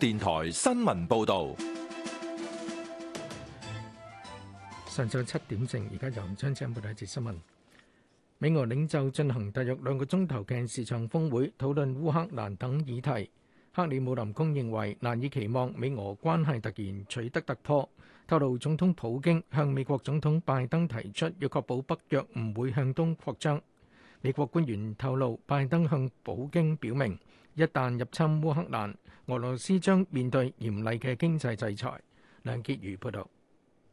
電台新聞報道，上晝七點正，而家由吳春章報道一節新聞。美俄領袖進行大約兩個鐘頭嘅視像峰會，討論烏克蘭等議題。克里姆林宮認為難以期望美俄關係突然取得突破。透露，總統普京向美國總統拜登提出，要確保北約唔會向東擴張。美國官員透露，拜登向普京表明，一旦入侵烏克蘭，俄羅斯將面對嚴厲嘅經濟制裁。梁潔如報道，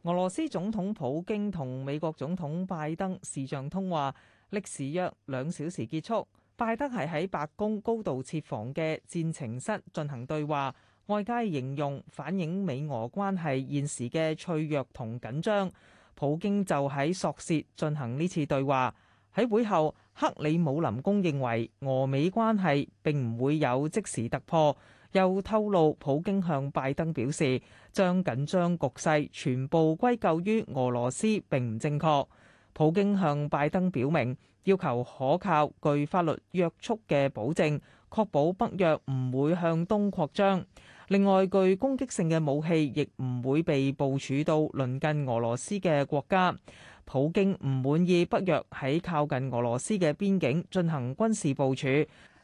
俄羅斯總統普京同美國總統拜登視像通話，歷時約兩小時結束。拜登係喺白宮高度設防嘅戰情室進行對話，外界形容反映美俄關係現時嘅脆弱同緊張。普京就喺索契進行呢次對話。喺會後，克里姆林宮認為俄美關係並唔會有即時突破，又透露普京向拜登表示，將緊張局勢全部歸咎於俄羅斯並唔正確。普京向拜登表明，要求可靠、具法律約束嘅保證，確保北約唔會向東擴張。另外，具攻擊性嘅武器亦唔會被部署到鄰近俄羅斯嘅國家。普京唔滿意北約喺靠近俄羅斯嘅邊境進行軍事部署，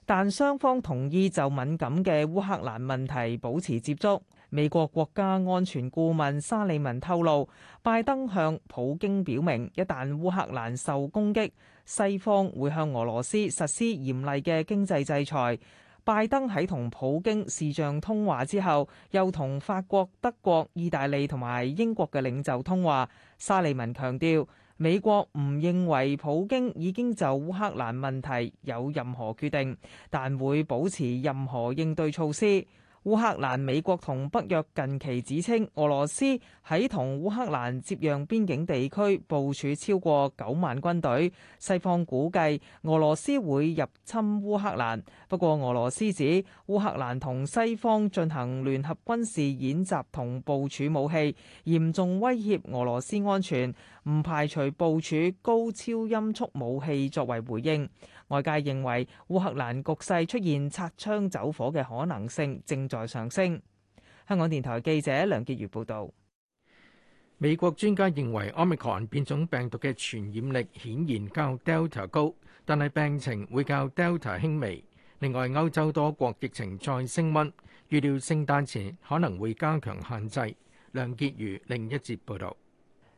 但雙方同意就敏感嘅烏克蘭問題保持接觸。美國國家安全顧問沙利文透露，拜登向普京表明，一旦烏克蘭受攻擊，西方會向俄羅斯實施嚴厲嘅經濟制裁。拜登喺同普京視像通話之後，又同法國、德國、意大利同埋英國嘅領袖通話。沙利文強調，美國唔認為普京已經就烏克蘭問題有任何決定，但會保持任何應對措施。烏克蘭、美國同北約近期指稱，俄羅斯喺同烏克蘭接壤邊境地區部署超過九萬軍隊。西方估計俄羅斯會入侵烏克蘭。不過俄羅斯指，烏克蘭同西方進行聯合軍事演習同部署武器，嚴重威脅俄羅斯安全，唔排除部署高超音速武器作為回應。外界認為烏克蘭局勢出現擦槍走火嘅可能性正。再上升。香港電台記者梁潔如報道，美國專家認為 omicron 變種病毒嘅傳染力顯然較 delta 高，但係病情會較 delta 輕微。另外，歐洲多國疫情再升溫，預料聖誕前可能會加強限制。梁潔如另一節報道，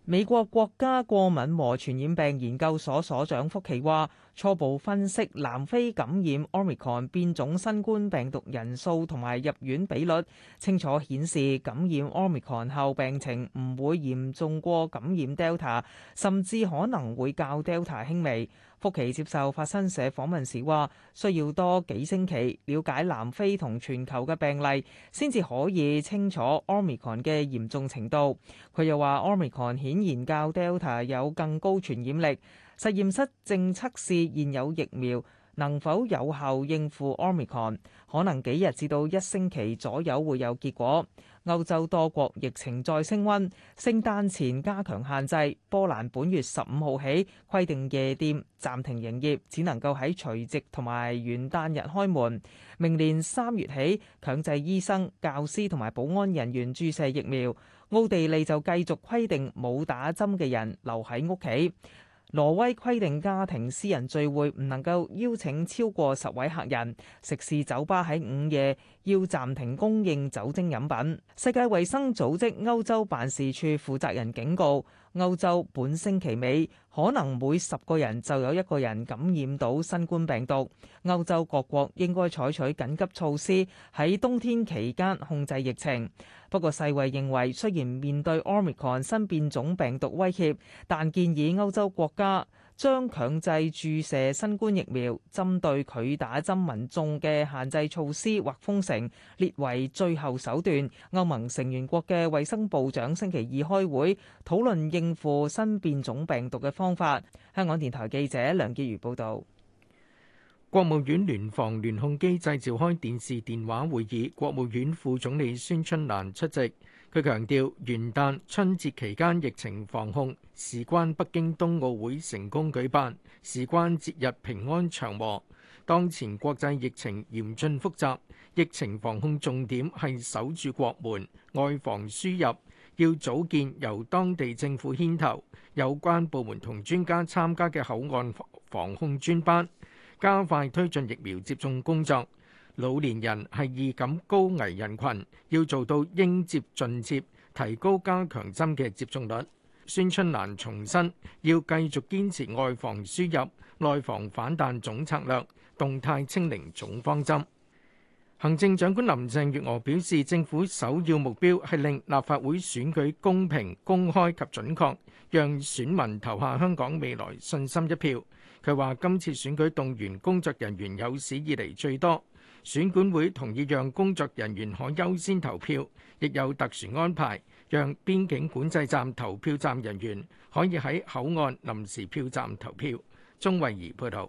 美國國家過敏和傳染病研究所所所長福奇話。初步分析南非感染 Omicron 變種新冠病毒人數同埋入院比率，清楚顯示感染 Omicron 後病情唔會嚴重過感染 Delta，甚至可能會較 Delta 輕微。福奇接受《法新社》訪問時話，需要多幾星期了解南非同全球嘅病例，先至可以清楚 Omicron 嘅嚴重程度。佢又話，Omicron 顯然較 Delta 有更高傳染力。實驗室正測試現有疫苗能否有效應付 Omicron，可能幾日至到一星期左右會有結果。歐洲多國疫情再升溫，聖誕前加強限制。波蘭本月十五號起規定夜店暫停營業，只能夠喺除夕同埋元旦日開門。明年三月起強制醫生、教師同埋保安人員注射疫苗。奧地利就繼續規定冇打針嘅人留喺屋企。挪威規定家庭私人聚會唔能夠邀請超過十位客人，食肆酒吧喺午夜要暫停供應酒精飲品。世界衛生組織歐洲辦事處負責人警告。歐洲本星期尾可能每十個人就有一個人感染到新冠病毒。歐洲各國應該採取緊急措施，喺冬天期間控制疫情。不過世衛認為，雖然面對 Omicron 新變種病毒威脅，但建議歐洲國家，將強制注射新冠疫苗針對拒打針民眾嘅限制措施或封城列為最後手段。歐盟成員國嘅衛生部長星期二開會，討論應付新變種病毒嘅方法。香港電台記者梁潔如報導。國務院聯防聯控機制召開電視電話會議，國務院副總理孫春蘭出席。佢強調，元旦、春節期間疫情防控事關北京冬奧會成功舉辦，事關節日平安祥和。當前國際疫情嚴峻複雜，疫情防控重點係守住國門，外防輸入，要組建由當地政府牽頭、有關部門同專家參加嘅口岸防控專班，加快推進疫苗接種工作。老年人係易感高危人群，要做到應接盡接，提高加強針嘅接種率。孫春蘭重申要繼續堅持外防輸入、內防反彈總策略，動態清零總方針。行政長官林鄭月娥表示，政府首要目標係令立法會選舉公平、公開及準確，讓選民投下香港未來信心一票。佢話：今次選舉動員工作人員有史以嚟最多，選管會同意讓工作人員可優先投票，亦有特殊安排，讓邊境管制站投票站人員可以喺口岸臨時票站投票。鐘慧儀報導，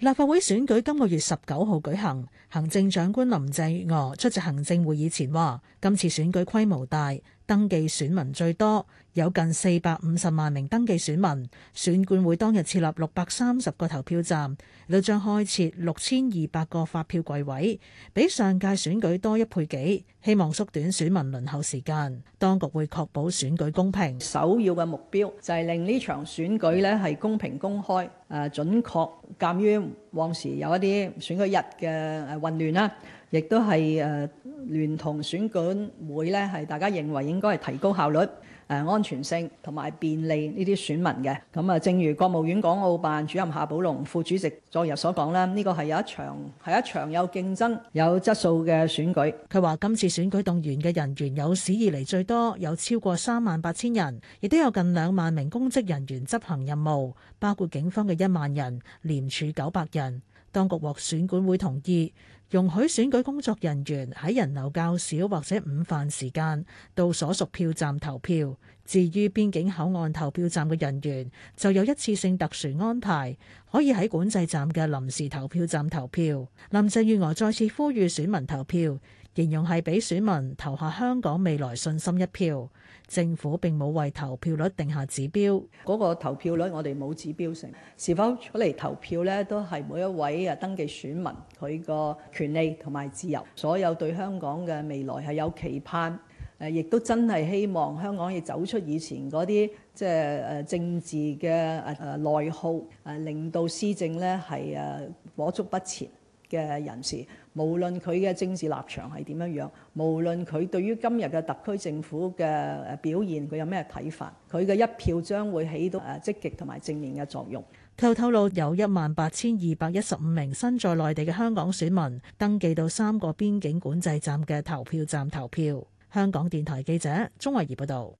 立法會選舉今個月十九號舉行，行政長官林鄭月娥出席行政會議前話：今次選舉規模大。登記選民最多有近四百五十萬名登記選民，選管會當日設立六百三十個投票站，亦都將開設六千二百個發票櫃位，比上屆選舉多一倍幾，希望縮短選民輪候時間。當局會確保選舉公平，首要嘅目標就係令呢場選舉咧係公平、公開、誒準確。鑑於往時有一啲選舉日嘅混亂啦。亦都係誒聯同選舉會呢，係大家認為應該係提高效率、誒、呃、安全性同埋便利呢啲選民嘅。咁、嗯、啊，正如國務院港澳辦主任夏寶龍副主席昨日所講啦，呢個係有一場係一場有競爭、有質素嘅選舉。佢話今次選舉動員嘅人員有史以來最多，有超過三萬八千人，亦都有近兩萬名公職人員執行任務，包括警方嘅一萬人、廉署九百人。當局獲選管會同意容許選舉工作人員喺人流較少或者午飯時間到所屬票站投票。至於邊境口岸投票站嘅人員，就有一次性特殊安排，可以喺管制站嘅臨時投票站投票。林鄭月娥再次呼籲選民投票。形容係俾選民投下香港未來信心一票，政府並冇為投票率定下指標。嗰個投票率我哋冇指標性，是否出嚟投票呢？都係每一位啊登記選民佢個權利同埋自由。所有對香港嘅未來係有期盼，誒，亦都真係希望香港要走出以前嗰啲即係誒政治嘅誒內耗，誒令到施政呢係誒裹足不前嘅人士。無論佢嘅政治立場係點樣樣，無論佢對於今日嘅特區政府嘅表現佢有咩睇法，佢嘅一票將會起到誒積極同埋正面嘅作用。佢透，透露有一萬八千二百一十五名身在內地嘅香港選民登記到三個邊境管制站嘅投票站投票。香港電台記者鍾慧儀報道。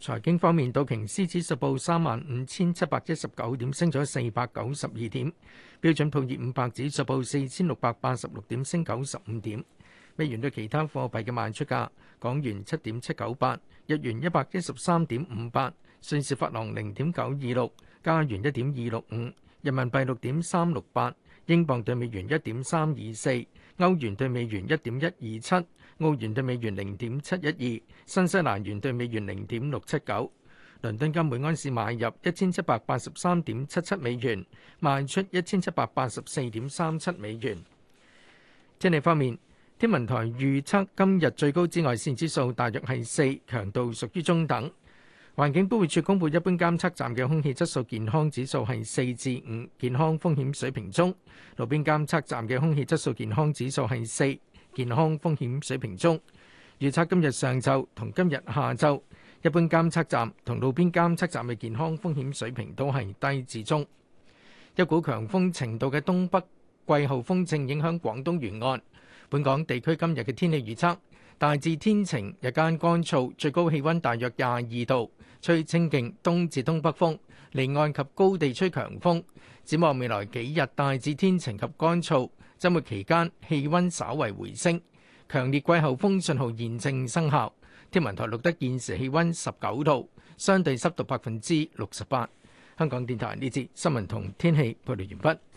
財經方面，道瓊斯指數報三萬五千七百一十九點，升咗四百九十二點；標準普爾五百指數報四千六百八十六點，點，升九十五點。美元對其他貨幣嘅賣出價：港元七點七九八，日元一百一十三點五八，瑞士法郎零點九二六，加元一點二六五，人民幣六點三六八。英鎊兌美元一點三二四，歐元兌美元一點一二七，澳元兌美元零點七一二，新西蘭元兌美元零點六七九。倫敦金每安士買入一千七百八十三點七七美元，賣出一千七百八十四點三七美元。天氣方面，天文台預測今日最高紫外線指數大約係四，強度屬於中等。環境保護署公布一般監測站嘅空氣質素健康指數係四至五，健康風險水平中；路邊監測站嘅空氣質素健康指數係四，健康風險水平中。預測今日上晝同今日下晝，一般監測站同路邊監測站嘅健康風險水平都係低至中。一股強風程度嘅東北季候風正影響廣東沿岸，本港地區今日嘅天氣預測大致天晴，日間乾燥，最高氣溫大約廿二度。吹清勁東至東北風，離岸及高地吹強風。展望未來幾日，大致天晴及乾燥。周末期間氣温稍為回升。強烈季候風信號現正生效。天文台錄得現時氣温十九度，相對濕度百分之六十八。香港電台呢節新聞同天氣報道完畢。